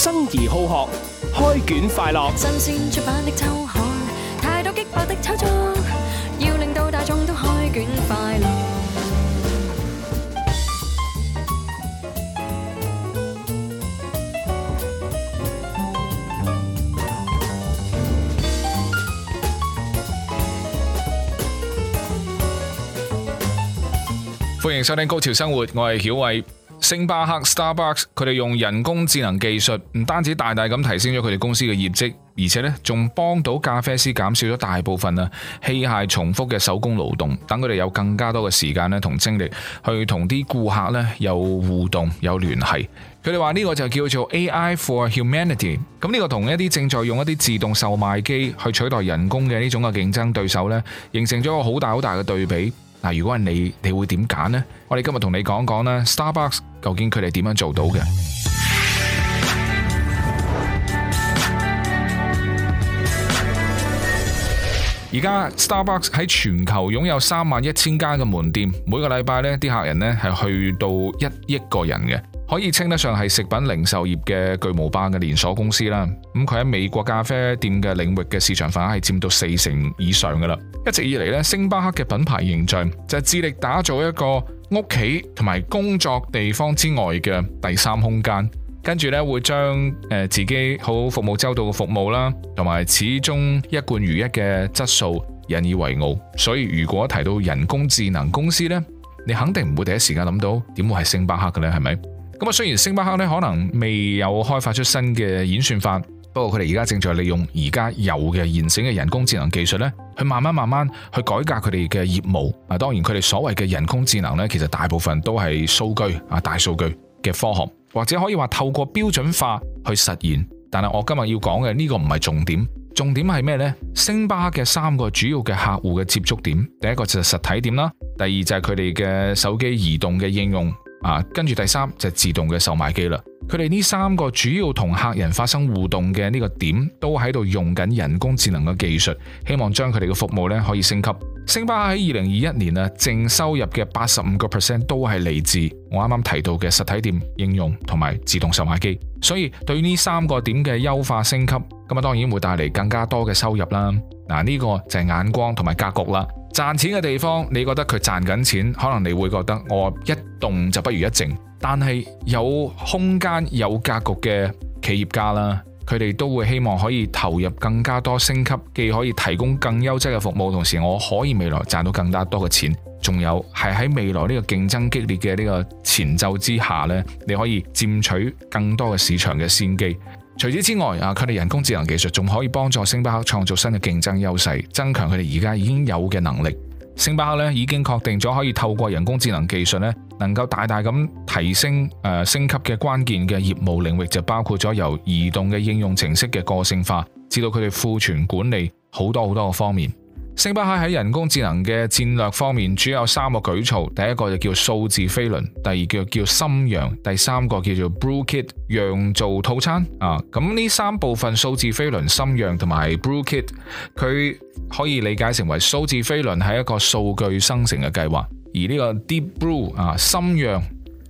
生而好學，開卷快樂。新鮮出版的周刊，太多激薄的炒作，要令到大眾都開卷快樂。歡迎收聽《高潮生活》，我係曉偉。星巴克 Starbucks 佢哋用人工智能技術，唔單止大大咁提升咗佢哋公司嘅業績，而且呢仲幫到咖啡師減少咗大部分啊器械重複嘅手工勞動，等佢哋有更加多嘅時間呢同精力去同啲顧客呢有互動有聯繫。佢哋話呢個就叫做 AI for humanity。咁呢個同一啲正在用一啲自動售賣機去取代人工嘅呢種嘅競爭對手呢，形成咗個好大好大嘅對比。嗱，如果係你，你會點揀呢？我哋今日同你講講呢，Starbucks 究竟佢哋點樣做到嘅？而家 Starbucks 喺全球擁有三萬一千間嘅門店，每個禮拜呢啲客人呢係去到一億個人嘅。可以稱得上係食品零售業嘅巨無霸嘅連鎖公司啦。咁佢喺美國咖啡店嘅領域嘅市場份額係佔到四成以上㗎喇。一直以嚟咧，星巴克嘅品牌形象就係致力打造一個屋企同埋工作地方之外嘅第三空間，跟住咧會將誒自己好，好服務周到嘅服務啦，同埋始終一貫如一嘅質素引以為傲。所以如果提到人工智能公司呢，你肯定唔會第一時間諗到點會係星巴克嘅咧，係咪？咁啊，雖然星巴克咧可能未有開發出新嘅演算法，不過佢哋而家正在利用而家有嘅現成嘅人工智能技術咧，去慢慢慢慢去改革佢哋嘅業務。啊，當然佢哋所謂嘅人工智能咧，其實大部分都係數據啊、大數據嘅科學，或者可以話透過標準化去實現。但係我今日要講嘅呢個唔係重點，重點係咩呢？星巴克嘅三個主要嘅客戶嘅接觸點，第一個就係實體店啦，第二就係佢哋嘅手機移動嘅應用。啊，跟住第三就係自動嘅售賣機啦。佢哋呢三個主要同客人發生互動嘅呢個點，都喺度用緊人工智能嘅技術，希望將佢哋嘅服務咧可以升級。星巴克喺二零二一年啊，淨收入嘅八十五個 percent 都係嚟自我啱啱提到嘅實體店應用同埋自動售賣機。所以對呢三個點嘅優化升級，咁啊當然會帶嚟更加多嘅收入啦。嗱、啊、呢、呢個就係眼光同埋格局啦。賺錢嘅地方，你覺得佢賺緊錢，可能你會覺得我一動就不如一靜。但係有空間有格局嘅企業家啦，佢哋都會希望可以投入更加多升級，既可以提供更優質嘅服務，同時我可以未來賺到更加多嘅錢。仲有係喺未來呢個競爭激烈嘅呢個前奏之下呢，你可以佔取更多嘅市場嘅先機。除此之外，啊，佢哋人工智能技術仲可以幫助星巴克創造新嘅競爭優勢，增強佢哋而家已經有嘅能力。星巴克咧已經確定咗可以透過人工智能技術咧能夠大大咁提升誒升級嘅關鍵嘅業務領域，就包括咗由移動嘅應用程式嘅個性化，至到佢哋庫存管理好多好多嘅方面。星巴克喺人工智能嘅戰略方面，主要有三個舉措：第一個就叫數字飛輪，第二個叫深釀，第三個叫做 Brew Kit 釀造套餐。啊，咁呢三部分數字飛輪、深釀同埋 Brew Kit，佢可以理解成為數字飛輪係一個數據生成嘅計劃，而呢個 Deep Brew 啊深釀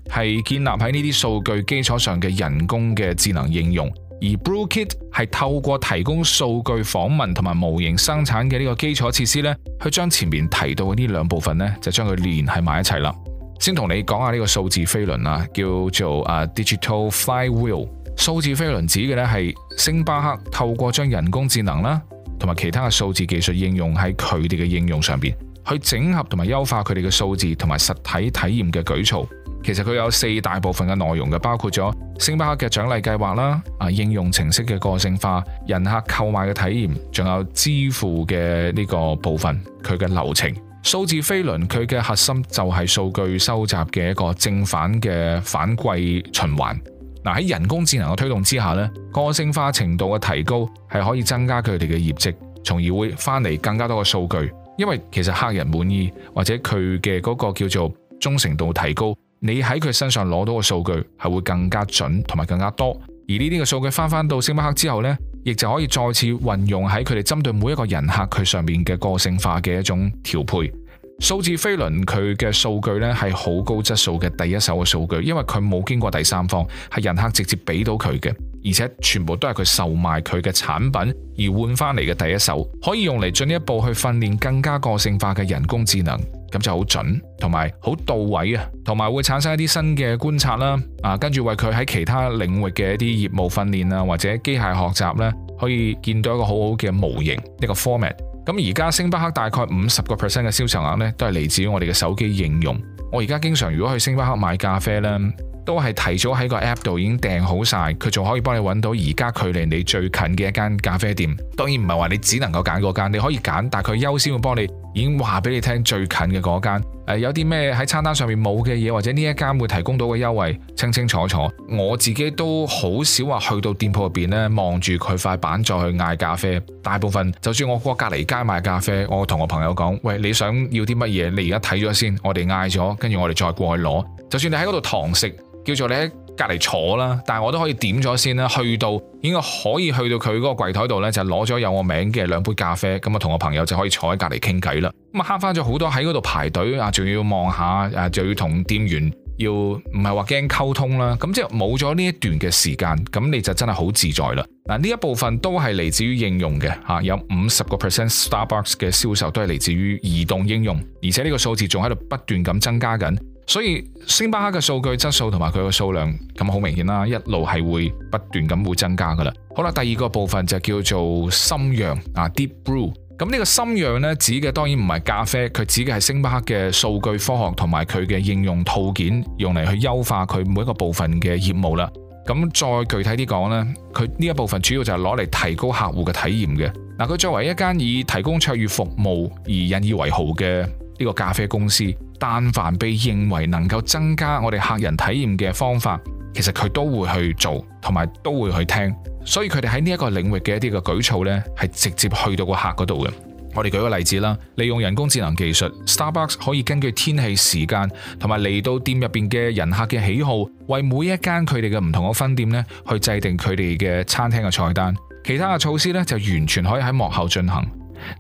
係建立喺呢啲數據基礎上嘅人工嘅智能應用。而 BlueKit 係透過提供數據訪問同埋模型生產嘅呢個基礎設施呢，去將前面提到嘅呢兩部分呢，就將佢連係埋一齊啦。先同你講下呢個數字飛輪啦，叫做啊 Digital Flywheel。數字飛輪指嘅呢係星巴克透過將人工智能啦同埋其他嘅數字技術應用喺佢哋嘅應用上邊，去整合同埋優化佢哋嘅數字同埋實體體驗嘅舉措。其實佢有四大部分嘅內容嘅，包括咗星巴克嘅獎勵計劃啦，啊應用程式嘅個性化、人客購買嘅體驗，仲有支付嘅呢個部分，佢嘅流程。數字飛輪，佢嘅核心就係數據收集嘅一個正反嘅反饋循環。嗱，喺人工智能嘅推動之下呢，個性化程度嘅提高係可以增加佢哋嘅業績，從而會翻嚟更加多嘅數據。因為其實客人滿意或者佢嘅嗰個叫做忠誠度提高，你喺佢身上攞到嘅數據係會更加準，同埋更加多，而呢啲嘅數據翻翻到星巴克之後呢，亦就可以再次運用喺佢哋針對每一個人客佢上面嘅個性化嘅一種調配。數字飛輪佢嘅數據呢係好高質素嘅第一手嘅數據，因為佢冇經過第三方，係人客直接俾到佢嘅，而且全部都係佢售賣佢嘅產品而換翻嚟嘅第一手，可以用嚟進一步去訓練更加個性化嘅人工智能。咁就好準，同埋好到位啊，同埋會產生一啲新嘅觀察啦。啊，跟住為佢喺其他領域嘅一啲業務訓練啊，或者機械學習呢，可以見到一個好好嘅模型，一個 format。咁而家星巴克大概五十個 percent 嘅銷售額呢，都係嚟自於我哋嘅手機應用。我而家經常如果去星巴克買咖啡啦，都係提早喺個 app 度已經訂好晒，佢仲可以幫你揾到而家距離你最近嘅一間咖啡店。當然唔係話你只能夠揀嗰間，你可以揀，但係佢優先會幫你。已經話俾你聽最近嘅嗰間，誒、呃、有啲咩喺餐單上面冇嘅嘢，或者呢一間會提供到嘅優惠，清清楚楚。我自己都好少話去到店鋪入邊呢，望住佢塊板再去嗌咖啡。大部分就算我過隔離街買咖啡，我同我朋友講：喂，你想要啲乜嘢？你而家睇咗先了，我哋嗌咗，跟住我哋再過去攞。就算你喺嗰度堂食，叫做你喺。隔離坐啦，但係我都可以點咗先啦。去到應該可以去到佢嗰個櫃台度呢，就攞咗有我名嘅兩杯咖啡，咁啊同我朋友就可以坐喺隔離傾偈啦。咁啊慳翻咗好多喺嗰度排隊啊，仲要望下啊，就要同店員要唔係話驚溝通啦。咁即係冇咗呢一段嘅時間，咁你就真係好自在啦。嗱，呢一部分都係嚟自於應用嘅嚇，有五十個 percent Starbucks 嘅銷售都係嚟自於移動應用，而且呢個數字仲喺度不斷咁增加緊。所以星巴克嘅數據質素同埋佢嘅數量，咁好明顯啦，一路係會不斷咁會增加噶啦。好啦，第二個部分就叫做深釀啊，Deep Brew。咁呢個深釀呢，指嘅當然唔係咖啡，佢指嘅係星巴克嘅數據科學同埋佢嘅應用套件，用嚟去優化佢每一個部分嘅業務啦。咁再具體啲講呢，佢呢一部分主要就係攞嚟提高客戶嘅體驗嘅。嗱，佢作為一間以提供卓越服務而引以為豪嘅。呢個咖啡公司，但凡被認為能夠增加我哋客人體驗嘅方法，其實佢都會去做，同埋都會去聽。所以佢哋喺呢一個領域嘅一啲嘅舉措呢，係直接去到個客嗰度嘅。我哋舉個例子啦，利用人工智能技術，Starbucks 可以根據天氣、時間同埋嚟到店入邊嘅人客嘅喜好，為每一間佢哋嘅唔同嘅分店呢，去制定佢哋嘅餐廳嘅菜單。其他嘅措施呢，就完全可以喺幕後進行。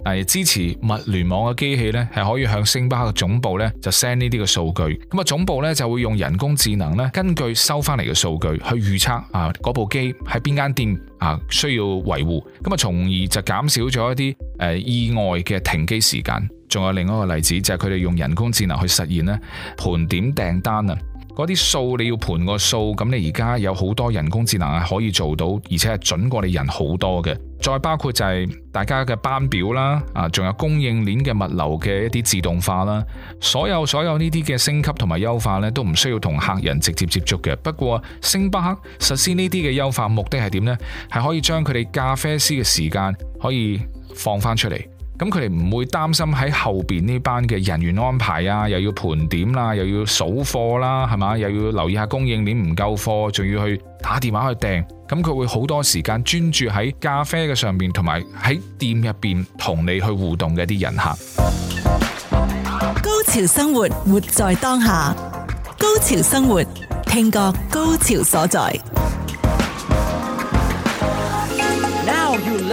嗱，支持物聯網嘅機器咧，係可以向星巴克嘅總部咧就 send 呢啲嘅數據，咁啊總部咧就會用人工智能咧，根據收翻嚟嘅數據去預測啊嗰部機喺邊間店啊需要維護，咁啊從而就減少咗一啲，誒意外嘅停機時間。仲有另一個例子就係佢哋用人工智能去實現咧盤點訂單啊，嗰啲數你要盤個數，咁你而家有好多人工智能係可以做到，而且係準過你人好多嘅。再包括就係大家嘅班表啦，啊，仲有供應鏈嘅物流嘅一啲自動化啦，所有所有呢啲嘅升級同埋優化咧，都唔需要同客人直接接觸嘅。不過星巴克實施呢啲嘅優化目的係點咧？係可以將佢哋咖啡師嘅時間可以放翻出嚟。咁佢哋唔會擔心喺後邊呢班嘅人員安排啊，又要盤點啦，又要數貨啦，係嘛，又要留意下供應鏈唔夠貨，仲要去打電話去訂。咁佢會好多時間專注喺咖啡嘅上面，同埋喺店入邊同你去互動嘅一啲人客。高潮生活，活在當下。高潮生活，聽覺高潮所在。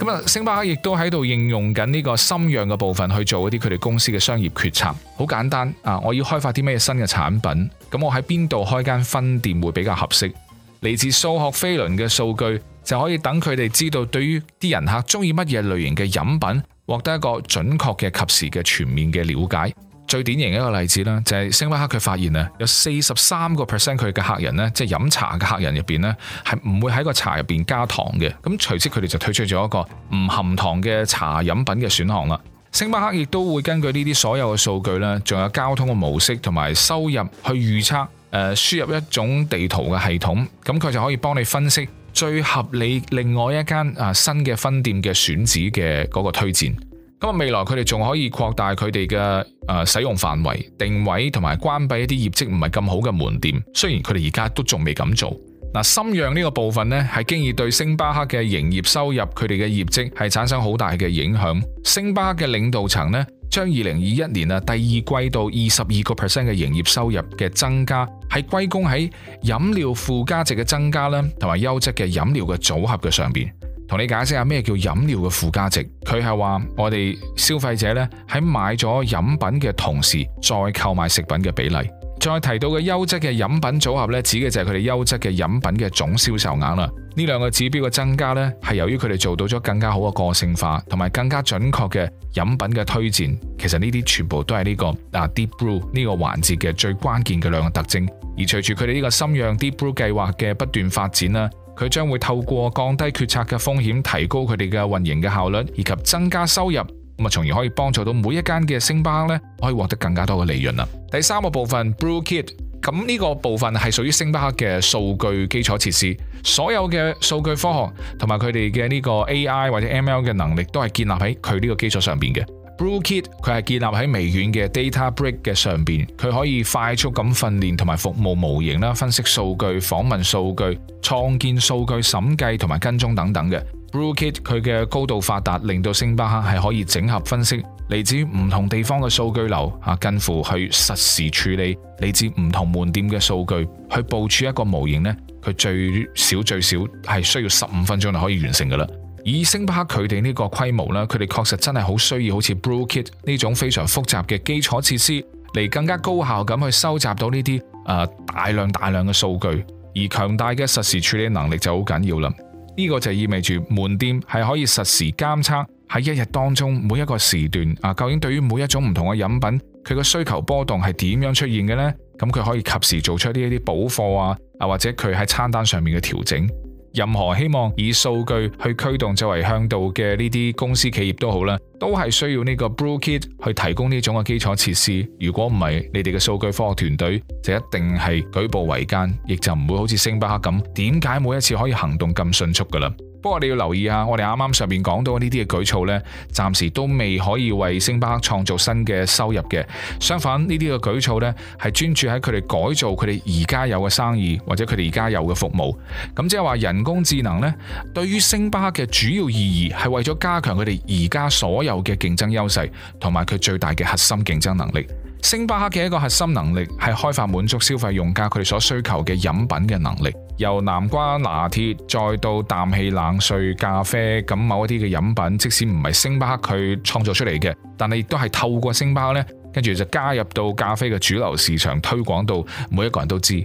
咁啊，星巴克亦都喺度應用緊呢個心樣嘅部分去做一啲佢哋公司嘅商業決策。好簡單啊，我要開發啲咩新嘅產品，咁我喺邊度開間分店會比較合適？嚟自數學飛輪嘅數據就可以等佢哋知道，對於啲人客中意乜嘢類型嘅飲品，獲得一個準確嘅、及時嘅、全面嘅了解。最典型嘅一個例子啦，就係、是、星巴克佢發現咧，有四十三個 percent 佢嘅客人呢，即係飲茶嘅客人入邊呢，係唔會喺個茶入邊加糖嘅。咁隨即佢哋就推出咗一個唔含糖嘅茶飲品嘅選項啦。星巴克亦都會根據呢啲所有嘅數據呢，仲有交通嘅模式同埋收入去預測，誒、呃、輸入一種地圖嘅系統，咁佢就可以幫你分析最合理另外一間啊新嘅分店嘅選址嘅嗰個推薦。咁啊，未來佢哋仲可以擴大佢哋嘅誒使用範圍、定位同埋關閉一啲業績唔係咁好嘅門店。雖然佢哋而家都仲未咁做。嗱，深陽呢個部分咧，係經已對星巴克嘅營業收入、佢哋嘅業績係產生好大嘅影響。星巴克嘅領導層咧，將二零二一年啊第二季度二十二個 percent 嘅營業收入嘅增加，係歸功喺飲料附加值嘅增加啦，同埋優質嘅飲料嘅組合嘅上邊。同你解釋下咩叫飲料嘅附加值，佢係話我哋消費者咧喺買咗飲品嘅同時，再購買食品嘅比例。再提到嘅優質嘅飲品組合咧，指嘅就係佢哋優質嘅飲品嘅總銷售額啦。呢兩個指標嘅增加咧，係由於佢哋做到咗更加好嘅個性化，同埋更加準確嘅飲品嘅推薦。其實呢啲全部都係呢個啊 Deep Brew 呢個環節嘅最關鍵嘅兩個特徵。而隨住佢哋呢個心樣 Deep Brew 計劃嘅不斷發展啦。佢將會透過降低決策嘅風險，提高佢哋嘅運營嘅效率，以及增加收入，咁啊，從而可以幫助到每一間嘅星巴克咧，可以獲得更加多嘅利潤啦。第三個部分，BlueKit，咁呢個部分係屬於星巴克嘅數據基礎設施，所有嘅數據科學同埋佢哋嘅呢個 AI 或者 ML 嘅能力都係建立喺佢呢個基礎上邊嘅。Brewkit 佢係建立喺微軟嘅 Databricks 嘅上邊，佢可以快速咁訓練同埋服務模型啦，分析數據、訪問數據、創建數據、審計同埋跟蹤等等嘅。Brewkit 佢嘅高度發達令到星巴克係可以整合分析嚟自唔同地方嘅數據流啊，近乎去實時處理嚟自唔同門店嘅數據，去部署一個模型呢，佢最少最少係需要十五分鐘就可以完成噶啦以星巴克佢哋呢個規模呢，佢哋確實真係好需要好似 BrewKit 呢種非常複雜嘅基礎設施，嚟更加高效咁去收集到呢啲誒大量大量嘅數據，而強大嘅實時處理能力就好緊要啦。呢、呢個就意味住門店係可以實時監測喺一日當中每一個時段啊，究竟對於每一種唔同嘅飲品，佢嘅需求波動係點樣出現嘅呢？咁佢可以及時做出呢一啲補貨啊，啊或者佢喺餐單上面嘅調整。任何希望以數據去驅動作為向導嘅呢啲公司企業都好啦，都係需要呢個 blue kit 去提供呢種嘅基礎設施。如果唔係，你哋嘅數據科學團隊就一定係舉步維艱，亦就唔會好似星巴克咁，點解每一次可以行動咁迅速噶啦？不過你要留意啊，我哋啱啱上面講到呢啲嘅舉措呢，暫時都未可以為星巴克創造新嘅收入嘅。相反，呢啲嘅舉措呢，係專注喺佢哋改造佢哋而家有嘅生意，或者佢哋而家有嘅服務。咁即係話人工智能呢，對於星巴克嘅主要意義係為咗加強佢哋而家所有嘅競爭優勢同埋佢最大嘅核心競爭能力。星巴克嘅一個核心能力係開發滿足消費用家佢哋所需求嘅飲品嘅能力，由南瓜拿鐵再到氮氣冷萃咖啡，咁某一啲嘅飲品，即使唔係星巴克佢創造出嚟嘅，但係亦都係透過星巴克呢，跟住就加入到咖啡嘅主流市場，推廣到每一個人都知。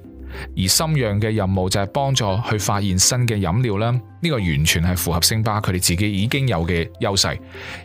而心樣嘅任務就係幫助去發現新嘅飲料啦，呢、這個完全係符合星巴克佢哋自己已經有嘅優勢。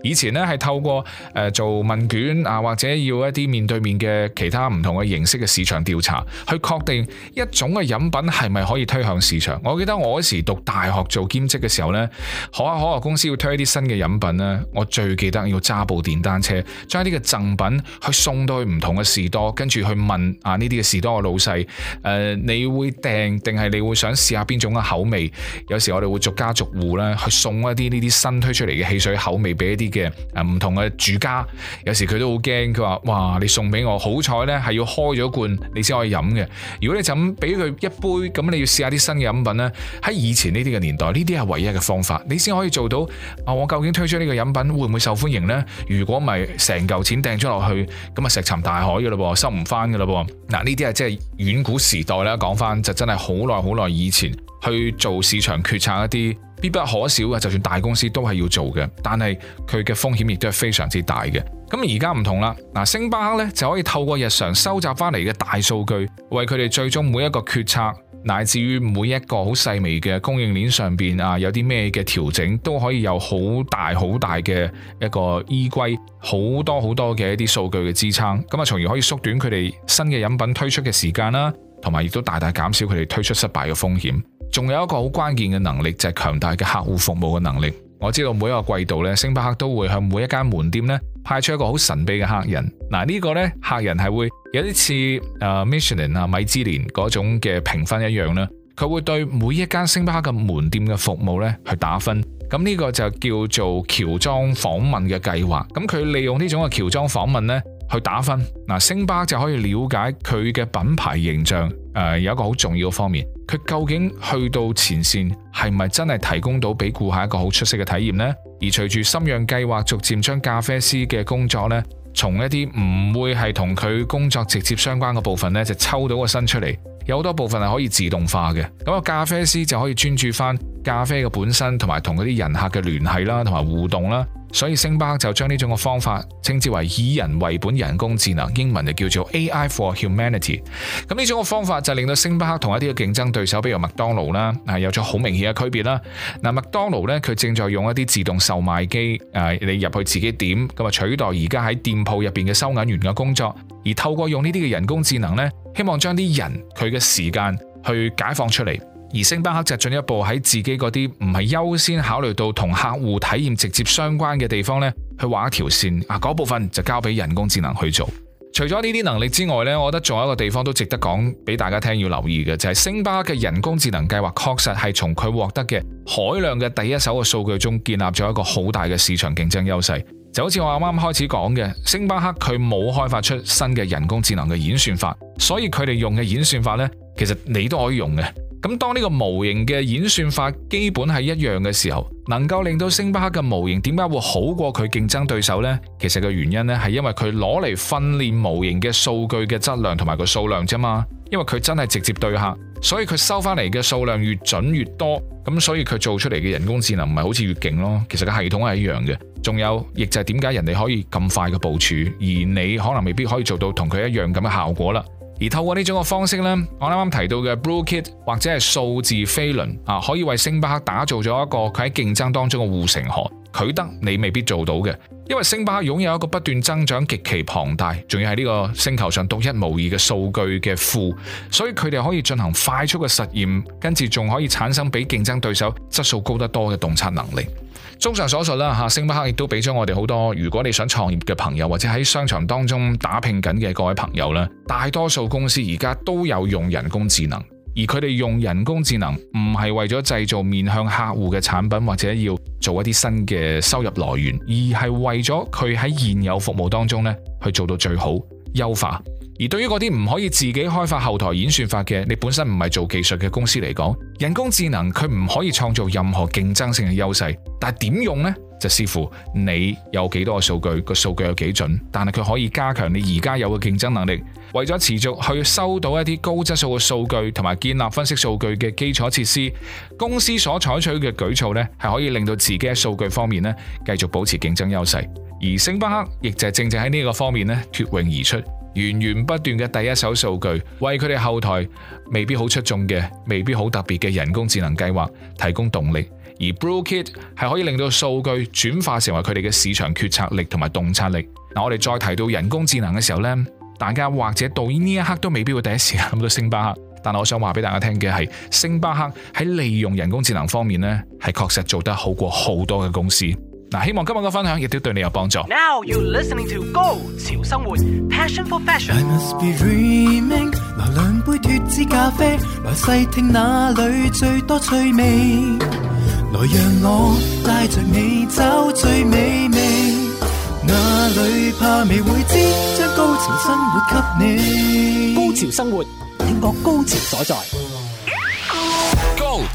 以前呢，係透過誒、呃、做問卷啊，或者要一啲面對面嘅其他唔同嘅形式嘅市場調查，去確定一種嘅飲品係咪可以推向市場。我記得我嗰時讀大學做兼職嘅時候呢，可口可樂公司要推一啲新嘅飲品呢，我最記得要揸部電單車，將一啲嘅贈品去送到去唔同嘅士多，跟住去問啊呢啲嘅士多嘅老細誒。呃你會訂定係你會想試下邊種嘅口味？有時我哋會逐家逐戶咧去送一啲呢啲新推出嚟嘅汽水口味，俾一啲嘅唔同嘅主家。有時佢都好驚，佢話：哇！你送俾我，好彩呢，係要開咗罐你先可以飲嘅。如果你就咁俾佢一杯，咁你要試下啲新嘅飲品呢。喺以前呢啲嘅年代，呢啲係唯一嘅方法，你先可以做到。啊，我究竟推出呢個飲品會唔會受歡迎呢？如果咪成嚿錢訂咗落去，咁啊石沉大海嘅咯噃，收唔翻嘅咯。嗱，呢啲係即係遠古時代。講翻就真係好耐好耐以前去做市場決策一啲必不可少嘅，就算大公司都係要做嘅，但係佢嘅風險亦都係非常之大嘅。咁而家唔同啦，嗱，星巴克呢就可以透過日常收集翻嚟嘅大數據，為佢哋最終每一個決策，乃至於每一個好細微嘅供應鏈上邊啊，有啲咩嘅調整，都可以有好大好大嘅一個依歸，好多好多嘅一啲數據嘅支撐，咁啊，從而可以縮短佢哋新嘅飲品推出嘅時間啦。同埋亦都大大減少佢哋推出失敗嘅風險。仲有一個好關鍵嘅能力就係、是、強大嘅客戶服務嘅能力。我知道每一個季度咧，星巴克都會向每一間門店咧派出一個好神秘嘅客人。嗱，呢個咧客人係會有啲似 Michelin 啊、米芝蓮嗰種嘅評分一樣啦。佢會對每一間星巴克嘅門店嘅服務咧去打分。咁、這、呢個就叫做喬裝訪問嘅計劃。咁佢利用呢種嘅喬裝訪問咧，去打分，嗱，星巴就可以了解佢嘅品牌形象。呃，有一個好重要嘅方面，佢究竟去到前線，係咪真係提供到俾顧客一個好出色嘅體驗呢？而隨住心養計劃逐漸將咖啡師嘅工作呢，從一啲唔會係同佢工作直接相關嘅部分呢，就抽到個身出嚟，有好多部分係可以自動化嘅，咁咖啡師就可以專注翻咖啡嘅本身，同埋同嗰啲人客嘅聯繫啦，同埋互動啦。所以星巴克就將呢種嘅方法稱之為以人為本人工智能，英文就叫做 AI for Humanity。咁呢種嘅方法就令到星巴克同一啲嘅競爭對手，比如麥當勞啦，係有咗好明顯嘅區別啦。嗱，麥當勞呢，佢正在用一啲自動售賣機，誒，你入去自己點，咁啊取代而家喺店鋪入邊嘅收銀員嘅工作，而透過用呢啲嘅人工智能呢，希望將啲人佢嘅時間去解放出嚟。而星巴克就進一步喺自己嗰啲唔係優先考慮到同客戶體驗直接相關嘅地方呢，去畫一條線啊，嗰部分就交俾人工智能去做。除咗呢啲能力之外呢，我覺得仲有一個地方都值得講俾大家聽，要留意嘅就係星巴克嘅人工智能計劃確實係從佢獲得嘅海量嘅第一手嘅數據中建立咗一個好大嘅市場競爭優勢。就好似我啱啱開始講嘅，星巴克佢冇開發出新嘅人工智能嘅演算法，所以佢哋用嘅演算法呢，其實你都可以用嘅。咁當呢個模型嘅演算法基本係一樣嘅時候，能夠令到星巴克嘅模型點解會好過佢競爭對手呢？其實個原因呢係因為佢攞嚟訓練模型嘅數據嘅質量同埋個數量啫嘛。因為佢真係直接對客，所以佢收翻嚟嘅數量越準越多，咁所以佢做出嚟嘅人工智能唔係好似越勁咯。其實個系統係一樣嘅。仲有，亦就係點解人哋可以咁快嘅部署，而你可能未必可以做到同佢一樣咁嘅效果啦。而透過呢種方式呢，我啱啱提到嘅 BlueKit 或者係數字飛輪啊，可以為星巴克打造咗一個佢喺競爭當中嘅護城河，佢得你未必做到嘅。因為星巴克擁有一個不斷增長、極其龐大，仲要喺呢個星球上獨一無二嘅數據嘅庫，所以佢哋可以進行快速嘅實驗，跟住仲可以產生比競爭對手質素高得多嘅洞察能力。綜上所述啦，吓星巴克亦都俾咗我哋好多。如果你想創業嘅朋友，或者喺商場當中打拼緊嘅各位朋友咧，大多數公司而家都有用人工智能。而佢哋用人工智能唔係為咗製造面向客戶嘅產品，或者要做一啲新嘅收入來源，而係為咗佢喺現有服務當中呢去做到最好，優化。而對於嗰啲唔可以自己開發後台演算法嘅，你本身唔係做技術嘅公司嚟講，人工智能佢唔可以創造任何競爭性嘅優勢。但係點用呢？就視乎你有幾多個數據，個數據有幾準。但係佢可以加強你而家有嘅競爭能力。為咗持續去收到一啲高質素嘅數據，同埋建立分析數據嘅基礎設施，公司所採取嘅舉措呢係可以令到自己喺數據方面呢繼續保持競爭優勢。而星巴克亦就係正正喺呢個方面呢脱穎而出。源源不斷嘅第一手數據，為佢哋後台未必好出眾嘅、未必好特別嘅人工智能計劃提供動力，而 Brewkit 係可以令到數據轉化成為佢哋嘅市場決策力同埋洞察力。嗱，我哋再提到人工智能嘅時候呢，大家或者到呢一刻都未必會第一時間諗到星巴克。但我想話俾大家聽嘅係，星巴克喺利用人工智能方面呢，係確實做得好過好多嘅公司。嗱，希望今日嘅分享亦都對你有幫助。Now you're listening to 高潮生活，Passion for Fashion。I must be dreaming。來兩杯脫脂咖啡。來細聽哪裏最多趣味，來讓我帶着你找最美味，哪裏怕未會知，將高潮生活給你。高潮生活，聽我高潮所在。